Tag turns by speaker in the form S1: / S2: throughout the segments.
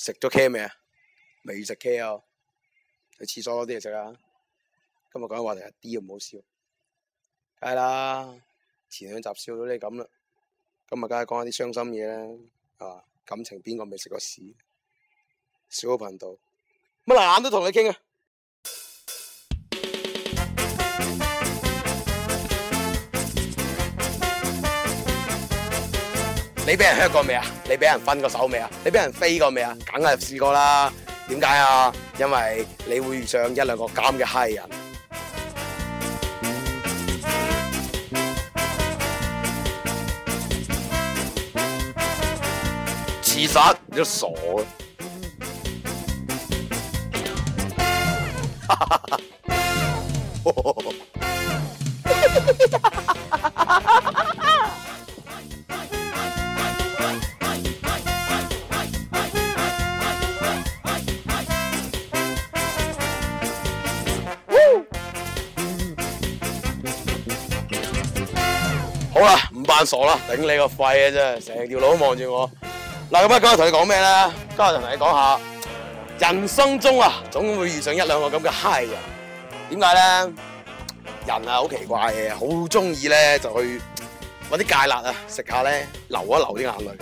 S1: 食咗茄 a r 未啊？未食茄 a 啊？去廁所攞啲嘢食啊！今日講嘅話題一啲都唔好笑，係啦，前兩集笑到你咁啦，今日梗係講下啲傷心嘢啦，係感情邊個未食過屎？小個頻道，乜難都同你傾啊！你俾人 hurt 過未啊？你俾人分過手未啊？你俾人飛過未啊？梗係試過啦。點解啊？因為你會遇上一兩個咁嘅閪人。事實你都傻啊！ 傻啦，頂你個肺啊！真係，成條路都望住我。嗱，咁，今日同你講咩咧？今日同你講下，人生中啊，總會遇上一兩個咁嘅嗨人。點解咧？人啊，好奇怪嘅，好中意咧就去揾啲芥辣啊，食下咧流一流啲眼淚。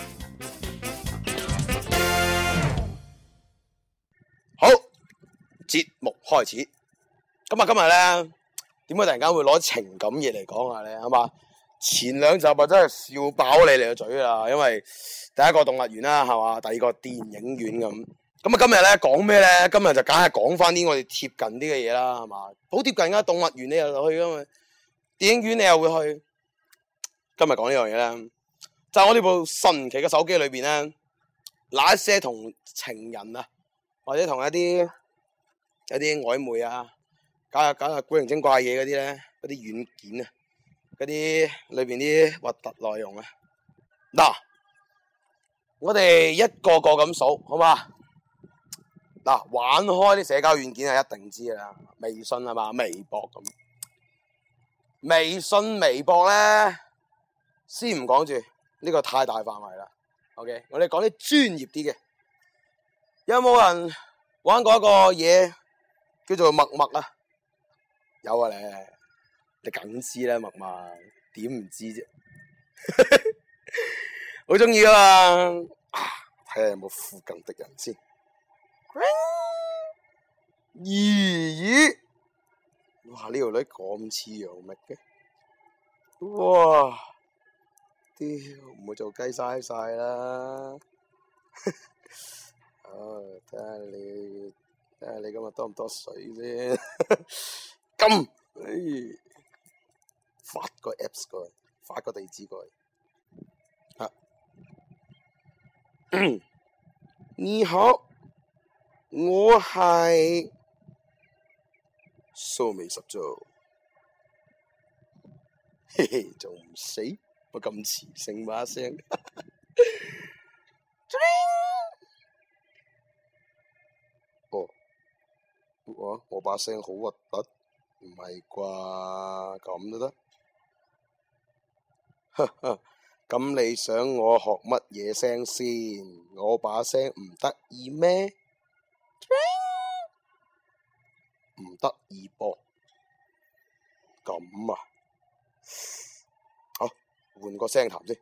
S1: 好，節目開始。咁啊，今日咧，點解突然間會攞情感嘢嚟講下咧？係嘛？前兩集啊，真係笑爆你哋個嘴啊！因為第一個動物園啦，係嘛？第二個電影院咁。咁啊，今日咧講咩咧？今日就梗係講翻啲我哋貼近啲嘅嘢啦，係嘛？好貼近噶，動物園你又去噶嘛？電影院你又會去？今日講呢樣嘢啦，就係我呢部神奇嘅手機裏邊咧，嗱一些同情人啊，或者同一啲一啲曖昧啊，搞下搞下古靈精怪嘢嗰啲咧，嗰啲軟件啊。嗰啲裏邊啲核突內容啊，嗱，我哋一個個咁數，好嘛？嗱，玩開啲社交軟件係一定知啦，微信啊嘛，微博咁。微信、微博咧，先唔講住，呢個太大範圍啦。OK，我哋講啲專業啲嘅，有冇人玩過一個嘢叫做陌陌啊？有啊你。你梗知，知 啦，默默，點唔知啫，好中意啊！啊，睇下有冇附近的人先。咦咦、這個，哇！呢條女咁似楊冪嘅，哇！屌，唔會做雞晒晒啦。啊、 哦，睇下你，睇下你今日多唔多水先。咁。 哎。發個 apps 過去，發個地址過去，吓、啊。 你好，我係蘇美實做，嘿嘿，仲唔死，我咁磁性把聲。叮！哦，我我把聲好核突，唔係啩？咁都得。哈哈，咁 你想我學乜嘢聲先？我把聲唔得意咩？唔得意噃。咁啊，好換個聲談先。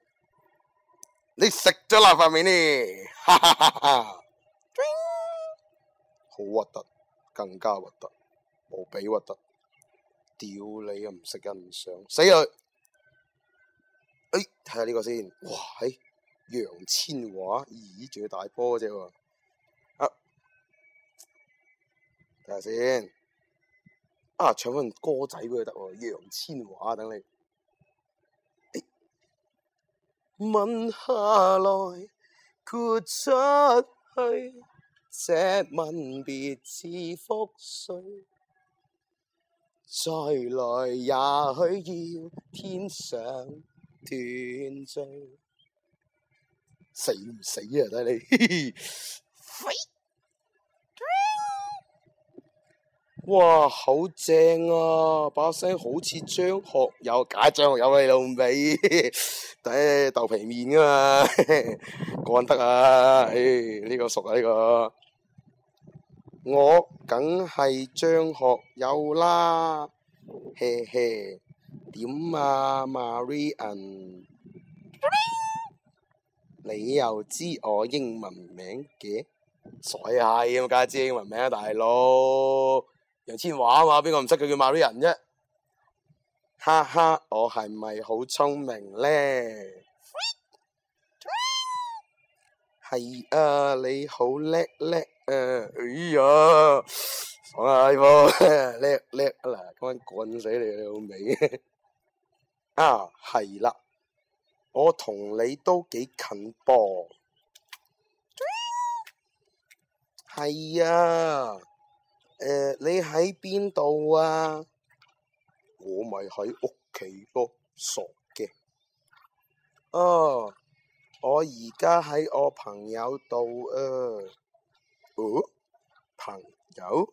S1: 你食咗啦，塊面呢！哈哈哈，哈！好核突，更加核突，無比核突！屌你啊，唔識欣賞，死佢！誒，睇下呢個先，哇！誒、哎，楊千嬅咦，仲要大波啫、啊，啊，睇下先，啊，唱翻歌仔畀佢得喎，楊千嬅等你，吻、哎、下來，豁出去，這吻別似覆水，再來也許要天上。斷症，死唔死啊？睇你，哇，好正啊！把聲好似張學友，假張學友你老味，睇豆皮面吖嘛，講得啊，誒，呢個熟啊呢個，我梗係張學友啦，嘿嘿。點啊，Marie Anne 你又知我英文名嘅，傻閪，咁解知英文名啊？大佬楊千嬅話，邊個唔識佢叫 Marie Anne 啫？哈哈，我係咪好聰明咧？係啊，你好叻叻啊，哎呀，爽下氣啵，叻叻啊,嗱，今晚幹死你，你老味！啊，係啦，我同你都幾近噃。係啊，誒、呃，你喺邊度啊？我咪喺屋企咯，傻嘅。哦，我而家喺我朋友度啊。哦，朋友？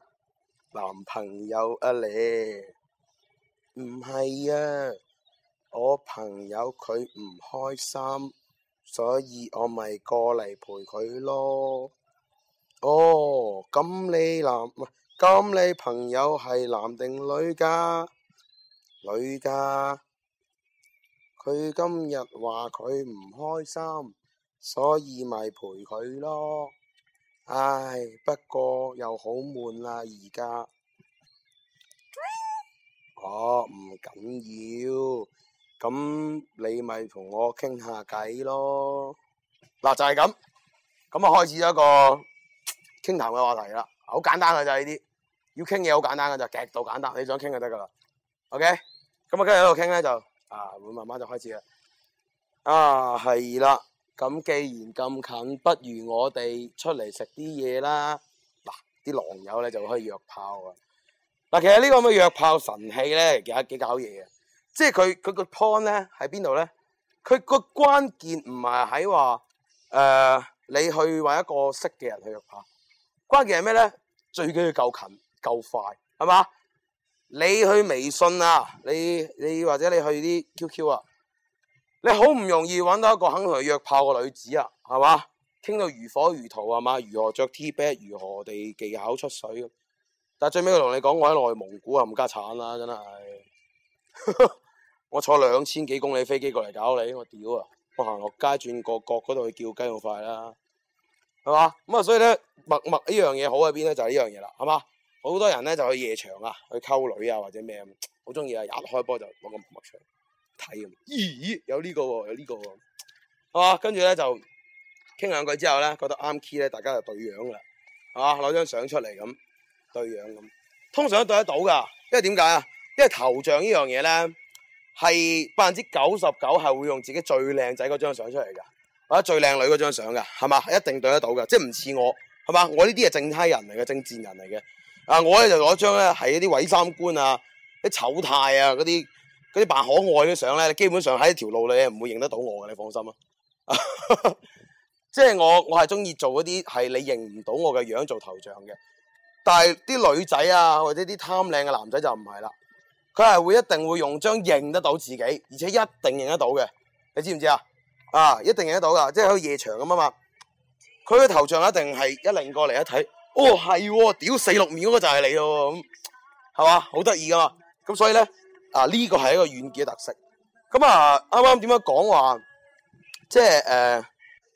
S1: 男朋友啊你？唔係啊。我朋友佢唔開心，所以我咪過嚟陪佢咯。哦，咁你男，咁你朋友係男定女㗎？女㗎。佢今日話佢唔開心，所以咪陪佢咯。唉、哎，不過又好悶啦而家。哦，唔緊要。咁你咪同我傾下偈咯，嗱就係咁，咁啊開始咗一個傾談嘅話題啦，好簡單噶就係呢啲，要傾嘢好簡單噶就極度簡單，你想傾就得噶啦，OK，咁啊今日喺度傾咧就啊會慢慢就開始啦，啊係啦，咁既然咁近，不如我哋出嚟食啲嘢啦，嗱啲狼友咧就可以約炮啊，嗱其實呢個咁嘅約炮神器咧其實幾搞嘢嘅。即係佢佢個 point 咧喺邊度咧？佢個關鍵唔係喺話誒，你去揾一個識嘅人去約炮。關鍵係咩咧？最緊要夠近夠快，係嘛？你去微信啊，你你或者你去啲 QQ 啊，你好唔容易揾到一個肯同你約炮嘅女子啊，係嘛？傾到如火如荼啊嘛？如何着 T back？如何地技巧出水？但係最尾佢同你講，我喺內蒙古啊，冚家鏟啦，真係。 我坐兩千幾公里飛機過嚟搞你，我屌啊！我行落街轉個角嗰度去叫雞好快啦，係嘛咁啊？所以咧陌陌呢樣嘢好喺邊咧，就係呢樣嘢啦，係嘛？好多人咧就去夜場啊，去溝女啊或者咩咁，好中意啊！一開波就攞個陌陌出嚟睇咁，咦有呢個喎，有呢個喎、啊，係嘛、啊？跟住咧就傾兩句之後咧，覺得啱 key 咧，大家就對樣啦，係嘛？攞張相出嚟咁對樣咁，通常都對得到噶，因為點解啊？因為頭像呢樣嘢咧。係百分之九十九係會用自己最靚仔嗰張相出嚟噶，或者最靚女嗰張相噶，係嘛？一定對得到噶，即係唔似我，係嘛？我呢啲係正閪人嚟嘅，正賤人嚟嘅。啊，我咧就攞張咧係一啲毀三觀啊，啲醜態啊，嗰啲啲扮可愛嘅相咧，基本上喺條路裏你唔會認得到我嘅，你放心啊。 即係我我係中意做嗰啲係你認唔到我嘅樣做頭像嘅，但係啲女仔啊或者啲貪靚嘅男仔就唔係啦。佢係會一定會用張認得到自己，而且一定認得到嘅，你知唔知啊？啊，一定認得到噶，即係好似夜場咁啊嘛。佢嘅頭像一定係一擰過嚟一睇，哦係喎，屌四六秒嗰個就係你喎，咁係嘛，好得意噶嘛。咁所以咧，啊呢個係一個軟件嘅特色。咁啊，啱啱點樣講話，即係誒、呃，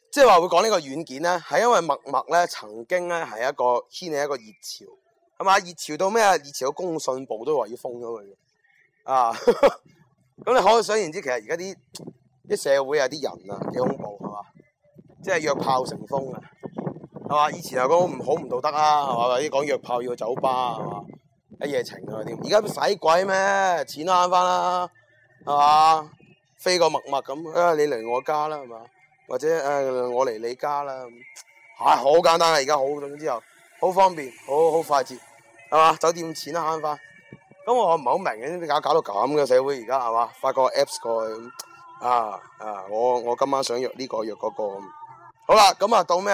S1: 即係話會講呢個軟件咧，係因為陌陌咧曾經咧係一個掀起一個熱潮，係嘛？熱潮到咩啊？熱潮到工信部都話要封咗佢嘅。啊，咁 你可以想而知，其實而家啲啲社會啊，啲人啊，幾恐怖係嘛？即係約炮成風啊，係嘛？以前係啊，講唔好唔道德啦，係嘛？啲講約炮要去酒吧啊，一夜情啊啲，而家使鬼咩？錢慳翻啦，係嘛？飛個陌陌咁，啊、哎、你嚟我家啦，係嘛？或者誒、哎、我嚟你家啦，係好、哎、簡單啊！而家好咗之後，好方便，好好快捷，係嘛？酒店錢都慳翻。咁我唔係好明，嘅，搞搞到咁嘅社會而家係嘛？發個 Apps 過去啊啊！我我今晚想約呢、這個約嗰、那個，好啦，咁啊到咩？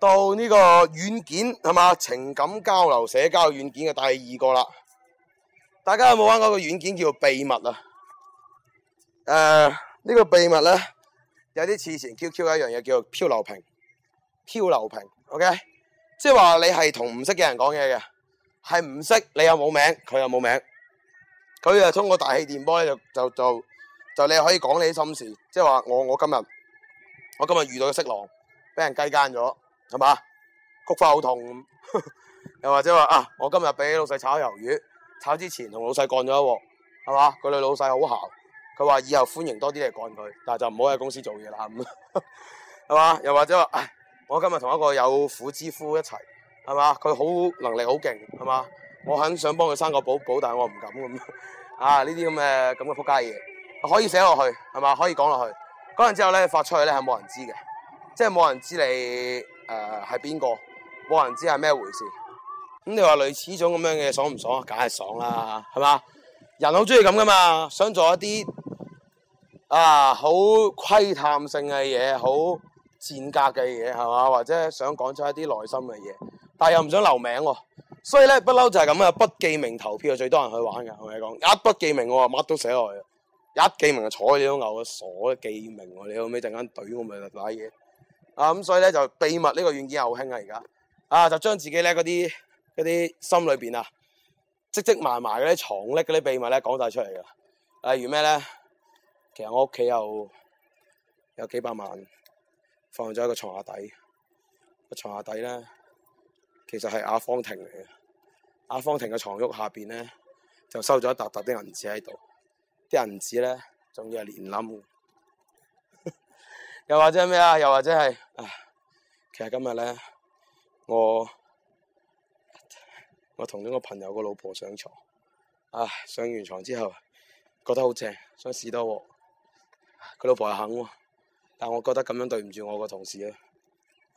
S1: 到呢個軟件係嘛？情感交流社交軟件嘅第二個啦，大家有冇玩嗰個軟件叫做秘密啊？誒、這、呢個秘密咧，有啲似前 QQ 一樣嘢，叫做漂流瓶。漂流瓶，OK，即係話你係同唔識嘅人講嘢嘅。係唔識你又冇名，佢又冇名，佢就通過大氣電波咧就就就就你可以講你啲心事，即係話我我今日我今日遇到個色狼，俾人雞奸咗，係嘛？菊花好痛， 又或者話啊，我今日俾老細炒魷魚，炒之前同老細幹咗一鑊，係嘛？個女老細好咸，佢話以後歡迎多啲嚟幹佢，但係就唔好喺公司做嘢啦，係 嘛？又或者話，啊，我今日同一個有婦之夫一齊。係嘛？佢好能力好勁，係嘛？我肯想幫佢生個寶寶，但係我唔敢咁。啊，呢啲咁嘅咁嘅仆街嘢，可以寫落去，係嘛？可以講落去，講完之後咧，發出去咧係冇人知嘅，即係冇人知你誒係邊個，冇人知係咩回事。咁你話類似種咁樣嘅爽唔爽啊？梗係爽啦，係嘛？人好中意咁噶嘛，想做一啲啊好窺探性嘅嘢，好賤格嘅嘢，係嘛？或者想講出一啲內心嘅嘢。但又唔想留名，哦，所以咧不嬲就係咁啊！不記名投票最多人去玩噶，我咪講一不記名我話乜都寫落去，一記名就坐喺度嘔，傻記名，哦，你後尾陣間懟我咪就打嘢。啊咁，所以咧就秘密呢、呢個軟件係好興啊而家，啊就將自己咧嗰啲嗰啲心裏邊啊積積埋埋嗰啲藏匿嗰啲秘密咧講晒出嚟噶，例、啊、如咩咧？其實我屋企有有幾百萬放咗一個床下底，個床下底咧。其實係阿方婷嚟嘅，阿方婷嘅床褥下邊咧就收咗一沓沓啲銀紙喺度，啲銀紙咧仲要係連冧， 又或者咩啊？又或者係，其實今日咧我我同咗個朋友個老婆上床，啊上完床之後覺得好正，想試多鑊，佢老婆又肯，但我覺得咁樣對唔住我個同事啊，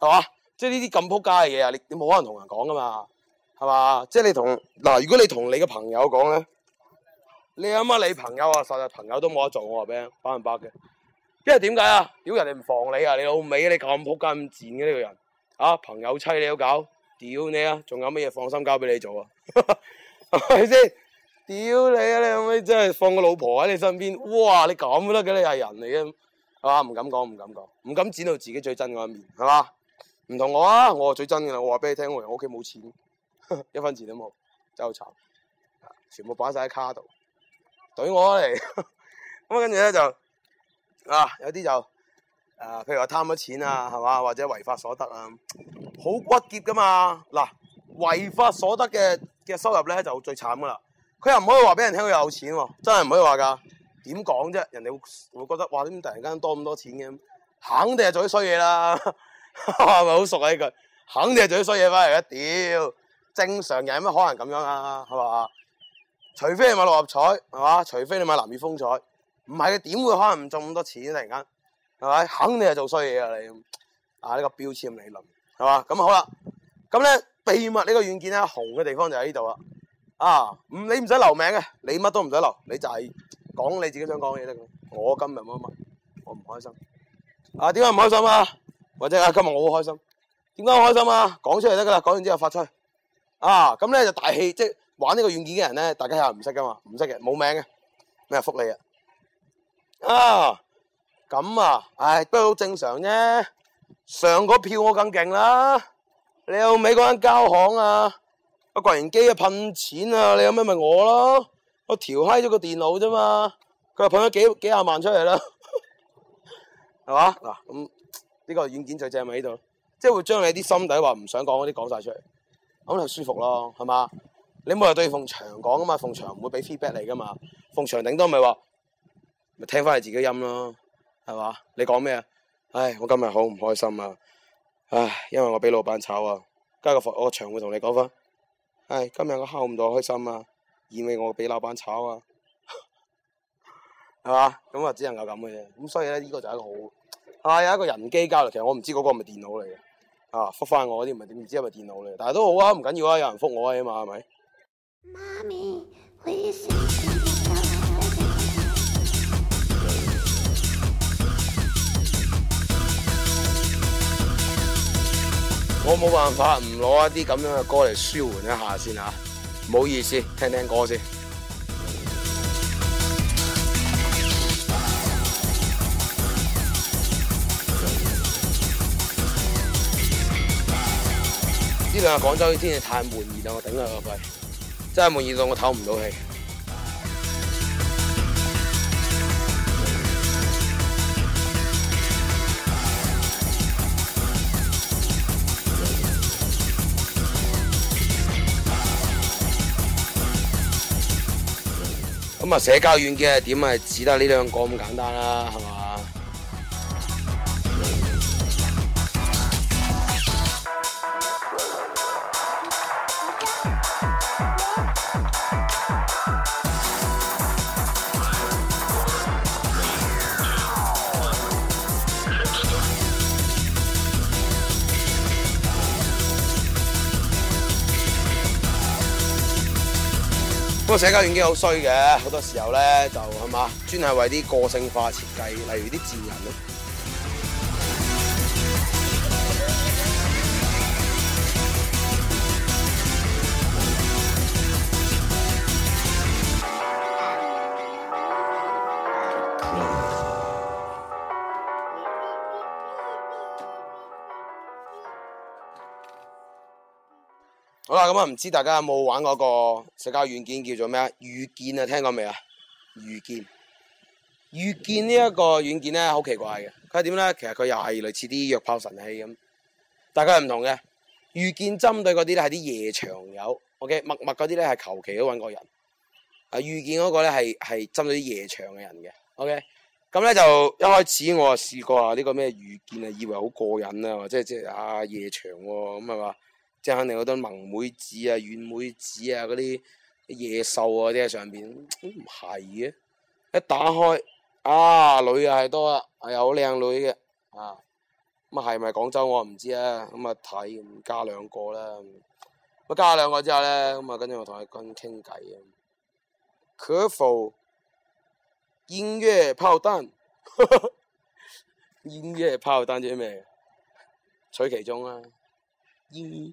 S1: 係嘛？即係呢啲咁撲街嘅嘢啊！你你冇可能同人講噶嘛，係嘛？即係你同嗱，如果你同你嘅朋友講咧，你阿媽你朋友啊，實在朋友都冇得做我話俾你，百分百嘅，因為點解啊？屌人哋唔防你啊！你老尾你咁撲街咁賤嘅、啊、呢、呢個人，嚇、啊、朋友妻你都搞，屌你啊！仲有乜嘢放心交俾你做啊？係咪先？屌你啊！你阿妹真係放個老婆喺你身邊，哇！你咁都得嘅，你係人嚟嘅係嘛？唔敢講，唔敢講，唔敢展露自己最真嗰一面係嘛？唔同我啊！我啊最憎噶啦！我話俾你聽，我屋企冇錢， 一分錢都冇，真係好慘，全部擺晒喺卡度，懟我嚟。咁跟住咧就啊有啲就啊譬如話貪咗錢啊係嘛，或者違法所得啊，好骨結噶嘛嗱！違法所得嘅嘅收入咧就最慘噶啦，佢又唔可以話俾人聽佢有錢喎、啊，真係唔可以話噶。點講啫？人哋會會覺得哇，點突然間多咁多錢嘅，肯定係做啲衰嘢啦。 係咪好熟啊？呢句肯定係做啲衰嘢，翻嚟一屌，正常人有乜可能咁樣啊？係嘛？除非你買六合彩，係嘛？除非你買南粵風采，唔係嘅點會可能唔中咁多錢突然間？係咪？肯定係做衰嘢啊。這個這個、啊！你啊呢個標籤理論係嘛？咁好啦，咁咧秘密呢個軟件咧紅嘅地方就喺呢度啦。啊，唔你唔使留名嘅，你乜都唔使留，你就係講你自己想講嘢得。我今日乜乜，我唔開心。啊，點解唔開心啊？或者啊，今日我好開心，點解我開心啊？講出嚟得噶啦，講完之後發出去啊，咁咧就大氣，即係玩呢個軟件嘅人咧，大家又唔識噶嘛，唔識嘅，冇名嘅，咩福利啊？啊，咁啊，唉，不過好正常啫。上個票我更勁啦，你有冇？美國嗰間交行啊，個櫃員機啊，噴錢啊，你有咩咪我咯？我調嗨咗個電腦啫嘛，佢又噴咗幾幾廿萬出嚟啦，係嘛？嗱咁。呢個軟件就正咪喺度，即係會將你啲心底話唔想講嗰啲講晒出嚟，咁就舒服咯，係嘛？你冇話對幅牆講啊嘛，幅牆唔會俾 feedback 你噶嘛，幅牆頂多咪話咪聽翻你自己音咯，係嘛？你講咩啊？唉，我今日好唔開心啊！唉，因為我俾老闆炒啊，加個我幅牆會同你講翻。唉，今日我敲唔到開心啊，因為我俾老闆炒啊，係嘛？咁啊，只能夠咁嘅啫。咁所以咧，呢、呢個就係一個好。係啊，有一個人機交流，其實我唔知嗰個係咪電腦嚟嘅啊，復翻我嗰啲唔係點知係咪電腦嚟？但係都好啊，唔緊要啊，有人復我啊嘛，係咪？我冇辦法唔攞一啲咁樣嘅歌嚟舒緩一下先啊！唔好意思，聽聽歌先。啊！廣州啲天氣太悶熱啦，我頂啊個肺，真係悶熱到我唞唔到氣。咁啊， 社交軟件點係只得呢兩個咁簡單啦，係嘛？個社交軟件好衰嘅，好多時候咧就係嘛，專係為啲個性化設計，例如啲賤人咯。好啦，咁、嗯、啊，唔知大家有冇玩嗰個社交軟件叫做咩啊？遇見啊，聽過未啊？遇見，遇見軟呢一個軟件咧，好奇怪嘅。佢係點咧？其實佢又係類似啲約炮神器咁，但係佢係唔同嘅。遇見針對嗰啲咧係啲夜場友，OK，陌陌嗰啲咧係求其都揾個人。啊，遇見嗰個咧係係針對啲夜場嘅人嘅，OK、嗯。咁咧就一開始我啊試過啊呢、這個咩遇見啊，以為好過癮啊，或者即係啊夜場喎咁啊話。即係肯定好多萌妹子啊、軟妹子啊、嗰啲野獸啊啲喺上邊，唔係嘅。一打開，啊女又係多，係又好靚女嘅。啊，咁啊係咪廣州我唔知啊，咁、嗯、啊睇、嗯，加兩個啦。咁、嗯、啊加兩個之後咧，咁、嗯、啊跟住我同阿君傾偈啊。可否音樂炮彈？ 音樂炮彈即咩？取其中啊！音。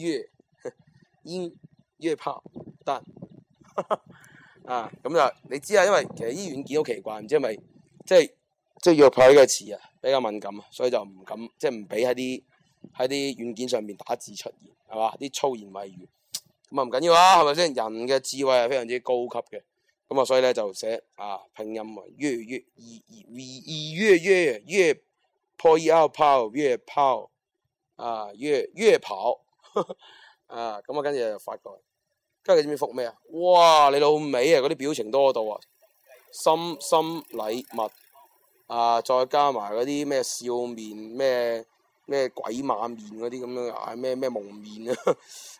S1: 約音約炮但啊！咁就你知啊，因為其實醫院見好奇怪，唔知係咪即係即係約炮呢個詞啊，比較敏感啊，所以就唔敢即係唔俾喺啲喺啲軟件上面打字出現，係嘛？啲粗言穢語咁啊，唔緊要啊，係咪先？人嘅智慧係非常之高級嘅，咁啊，所以咧就寫啊拼音啊，約約二二二二約約約跑炮約炮，啊約約跑。 啊，咁我跟住就發過嚟，跟住你知唔知覆咩啊？哇，你老味啊，嗰啲表情多到啊，心心禮物啊，再加埋嗰啲咩笑面，咩咩鬼馬面，嗰啲咁樣啊，咩咩蒙面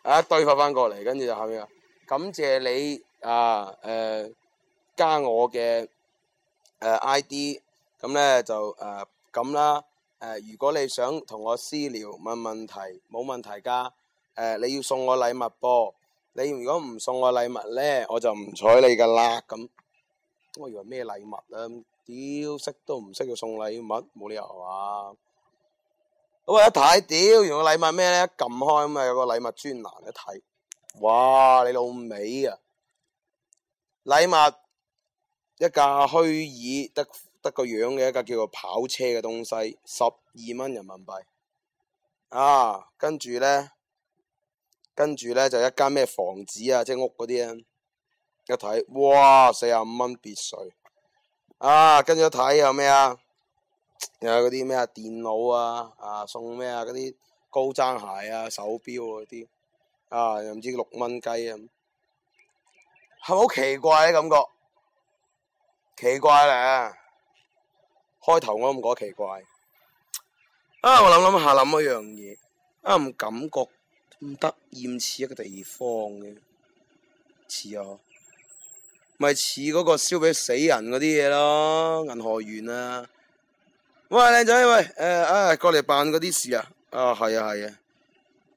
S1: 啊，一堆發翻過嚟，跟住就後咪啊，感謝你啊，誒、呃，加我嘅 ID，咁咧就誒咁、呃、啦，誒、呃，如果你想同我私聊問問題，冇問題噶。誒、哎，你要送我禮物噃、啊？你如果唔送我禮物咧，我就唔睬你噶啦咁。我以為咩禮物啊？屌，識都唔識佢送禮物，冇理由啊！咁我一睇，屌，原來禮物咩咧？一撳開咁啊，有個禮物專欄一睇，哇，你老味啊！禮物一架虛擬，得得個樣嘅一架叫做跑車嘅東西，十二蚊人民幣啊，跟住咧。跟住呢，就一間咩房子啊，即係屋嗰啲啊，一睇哇四啊五蚊別墅啊，跟住一睇有咩啊？有嗰啲咩啊電腦啊啊送咩啊嗰啲高踭鞋啊手錶嗰啲啊又唔知六蚊雞啊，係、啊、好奇怪嘅、啊、感覺？奇怪咧、啊，開頭我都唔覺得奇怪啊！我諗諗下諗一樣嘢啊，唔感覺。唔得，厭似一個地方嘅似啊，咪似嗰個燒俾死人嗰啲嘢咯，銀河園啊！喂，靚仔，喂，誒、呃、啊、哎，過嚟辦嗰啲事啊！啊，係啊，係啊，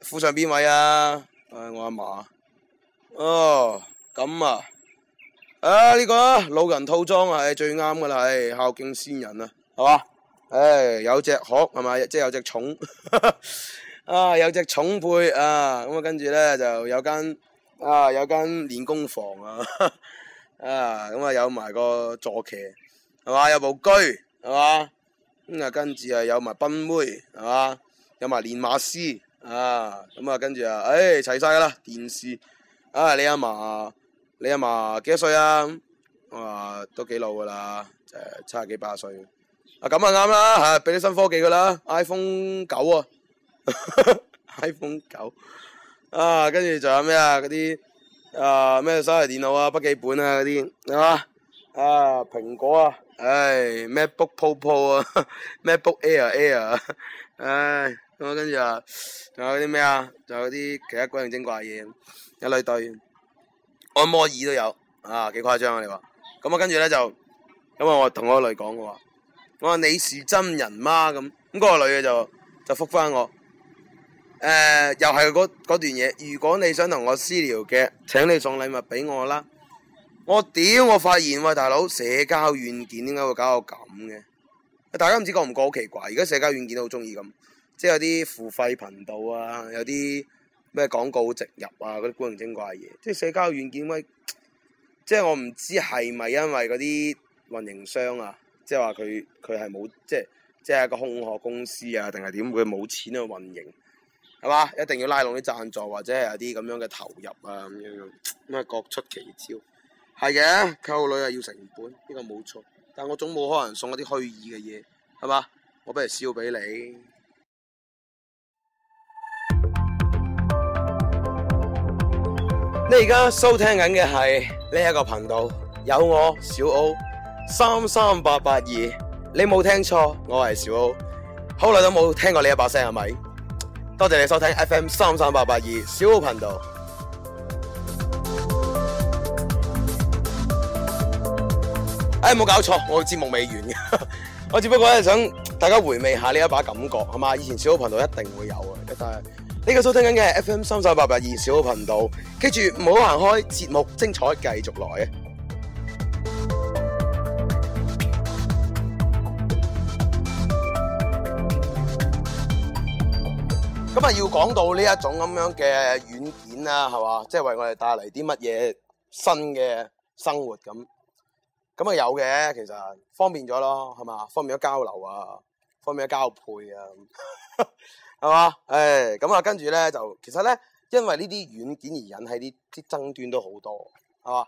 S1: 府、啊、上邊位啊？唉、哎，我阿嫲哦，咁啊，啊呢、這個啊老人套裝係最啱噶啦，唉、哎，係孝敬先人啊，係嘛、啊？唉、哎，有隻殼係咪？即係、就是、有隻蟲。 啊，有隻寵配啊，咁啊，跟住咧就有間啊，有間練功房啊，呵呵啊，咁啊有埋個坐騎，係嘛，有部居，係嘛，咁啊跟住啊有埋賓妹，係嘛，有埋練馬師，啊，咁啊跟住啊，誒、哎，齊晒噶啦，電視，啊，你阿嫲，你阿嫲幾多歲啊？啊，都老、就是、幾老噶啦，誒，七啊幾八啊歲，啊咁啊啱啦，吓，俾啲新科技噶啦，iPhone 九啊。 iPhone 九啊，跟住仲有咩啊？嗰啲啊咩手提電腦啊、筆記本啊嗰啲啊，啊蘋果啊，唉、哎、MacBook Pro Pro 啊，MacBook Air Air 啊，唉、哎、咁、嗯、啊，跟住啊，仲有啲咩啊？仲有啲其他鬼人精怪嘢，一堆堆按摩椅都有啊，幾誇張啊！你話咁啊？跟住咧就咁啊、嗯！我同我女講，我話我話你是真人嗎？咁咁嗰個女嘅，就就覆翻我。誒、呃，又係嗰段嘢。如果你想同我私聊嘅，請你送禮物俾我啦。我屌，我發現喂，大佬，社交軟件點解會搞到咁嘅？大家唔知覺唔覺好奇怪？而家社交軟件都好中意咁，即係有啲付費頻道啊，有啲咩廣告植入啊，嗰啲古靈精怪嘢。即係社交軟件喂，即係我唔知係咪因為嗰啲運營商啊，即係話佢佢係冇，即係即係一個空殼公司啊，定係點？佢冇錢去運營。係嘛，一定要拉攏啲贊助或者有啲咁樣嘅投入啊咁樣，咁啊各出奇招，係嘅，溝女係要成本，呢個冇錯。但我總冇可能送一啲虛擬嘅嘢，係嘛，我不如笑俾你。你而家收聽緊嘅係呢一個頻道，有我小歐三三八八二，你冇聽錯，我係小歐，好耐都冇聽過呢一把聲，係咪？多謝你收聽 FM 三三八八二小號頻道。誒、哎，冇搞錯，我節目未完嘅， 我只不過咧想大家回味下呢一把感覺，好嘛？以前小號頻道一定會有嘅，但係呢個收聽緊嘅係 FM 三三八八二小號頻道，記住唔好行開，節目精彩繼續來嘅。咁啊，要講到呢一種咁樣嘅軟件啊，係嘛，即係為我哋帶嚟啲乜嘢新嘅生活咁。咁啊有嘅，其實方便咗咯，係嘛，方便咗交流啊，方便咗交配啊，係嘛。誒，咁啊，跟住咧就，其實咧因為呢啲軟件而引起啲啲爭端都好多，係嘛。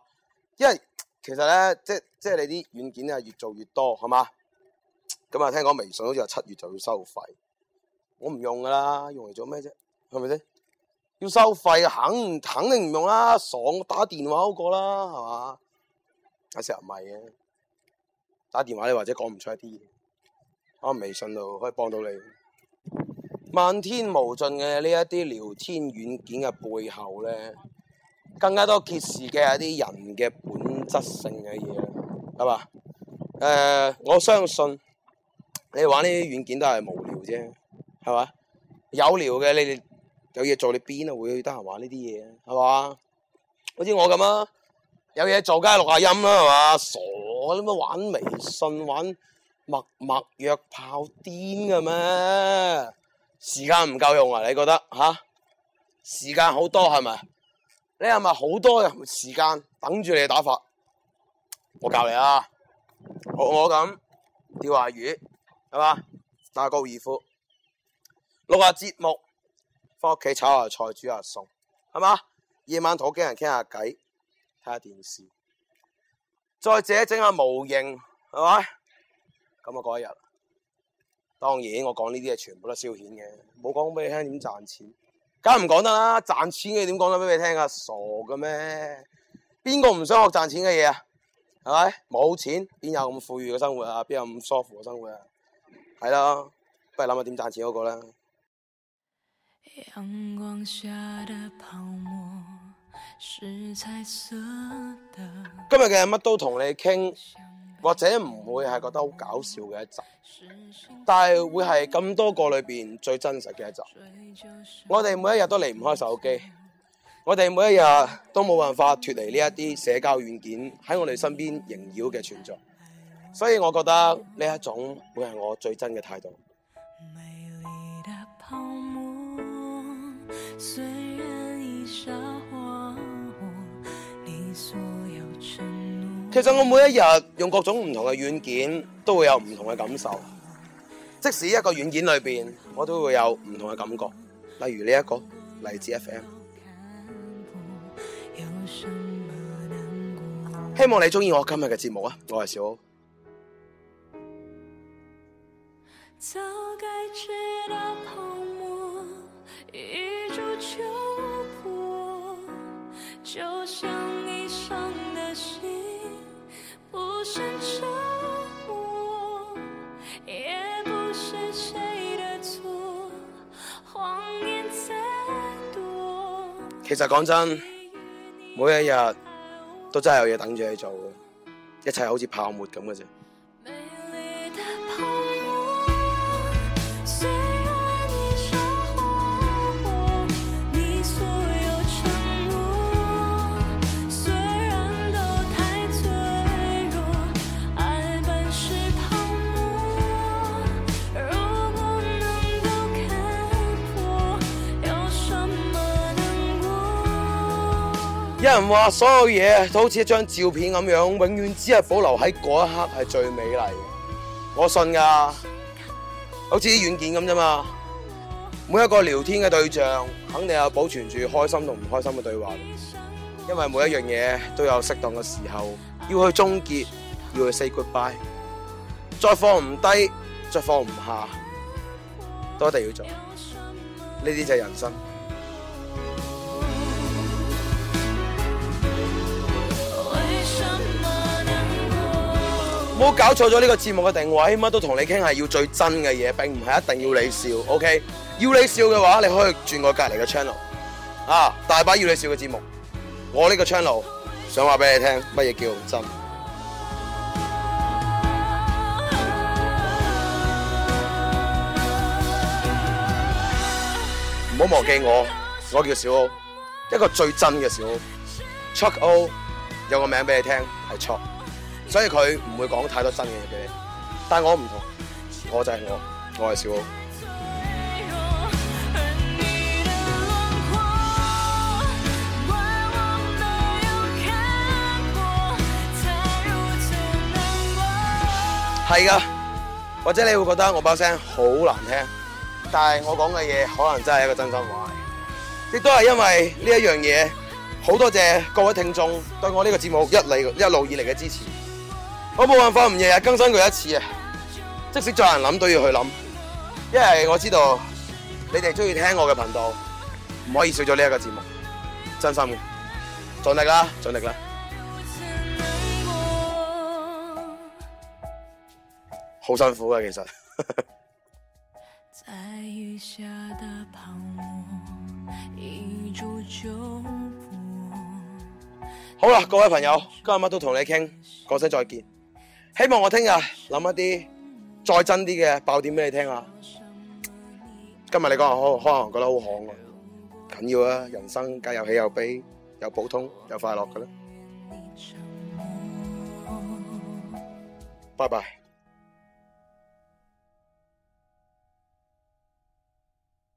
S1: 因為其實咧，即即係你啲軟件啊越做越多，係嘛。咁啊，聽講微信好似話七月就要收費。我唔用噶啦，用嚟做咩啫？係咪先？要收費，肯肯定唔用啦，爽打電話好過啦，係嘛？有時唔係嘅，打電話你或者講唔出一啲嘢，可能微信度可以幫到你。漫天無盡嘅呢一啲聊天軟件嘅背後咧，更加多揭示嘅係啲人嘅本質性嘅嘢，係嘛？誒、呃，我相信你玩呢啲軟件都係無聊啫。係嘛？有聊嘅，你哋有嘢做，你邊啊會去得閒玩呢啲嘢，係嘛？好似我咁啊，有嘢做，梗係錄下音啦，係嘛？傻啲乜玩微信玩陌陌約炮癲嘅咩？時間唔夠用啊？你覺得吓、啊？時間好多係咪？你係咪好多人時間等住你打發？我教你啊，我我咁釣下魚，係嘛？打下高爾夫。錄下節目，翻屋企炒下菜煮下餸，係嘛？夜晚同屋企人傾下偈，睇下電視，再者整下模型，係咪？咁啊，過一日。當然，我講呢啲嘢全部都消遣嘅，冇講俾你聽點賺錢，梗係唔講得啦。賺錢嘅點講得俾你聽啊？傻嘅咩？邊個唔想學賺錢嘅嘢啊？係咪？冇錢邊有咁富裕嘅生活啊？邊有咁舒服嘅生活啊？係咯，不如諗下點賺錢嗰個啦。今日嘅乜都同你傾，或者唔會係覺得好搞笑嘅一集，但係會係咁多個裏邊最真實嘅一集。我哋每一日都離唔開手機，我哋每一日都冇辦法脫離呢一啲社交軟件喺我哋身邊縈繞嘅存在，所以我覺得呢一種會係我最真嘅態度。其實我每一日用各種唔同嘅軟件都會有唔同嘅感受，即使一個軟件裏邊我都會有唔同嘅感覺，例如呢、這、一個荔枝 FM。希望你中意我今日嘅節目啊！我係小歐。 其實講真，每一日都真係有嘢等住你做嘅，一切好似泡沫咁嘅啫。有人話所有嘢都好似一張照片咁樣，永遠只係保留喺嗰一刻係最美麗。我信㗎，好似啲軟件咁啫嘛。每一個聊天嘅對象，肯定有保存住開心同唔開心嘅對話。因為每一樣嘢都有適當嘅時候要去終結，要去 say goodbye 再。再放唔低，再放唔下，都一定要做。呢啲就係人生。冇搞錯咗呢個節目嘅定位，起碼都同你傾係要最真嘅嘢，並唔係一定要你笑，OK？要你笑嘅話，你可以轉我隔籬嘅 channel，啊，大把要你笑嘅節目。我呢個 channel 想話俾你聽，乜嘢叫真？唔好忘記我，我叫小 O，一個最真嘅小 O，Chuck O，有個名俾你聽係 Chuck。所以佢唔會講太多新嘢俾你，但我唔同，我就係我，我係小浩，係㗎， 或者你會覺得我把聲好難聽，但係我講嘅嘢可能真係一個真心話，亦都係因為呢一樣嘢，好多謝各位聽眾對我呢個節目一嚟一路以嚟嘅支持。我冇辦法唔日日更新佢一次啊！即使再難諗都要去諗，因為我知道你哋中意聽我嘅頻道，唔可以少咗呢一個節目，真心嘅，盡力啦，盡力啦，好 辛苦啊，其實。 好啦，各位朋友，今晚乜都同你傾，講聲再見。希望我聽日諗一啲再真啲嘅爆點俾你聽啊！今日你講話可能覺得好巷啊，唔緊要啊！人生梗有喜有悲，有普通有快樂㗎啦，拜拜。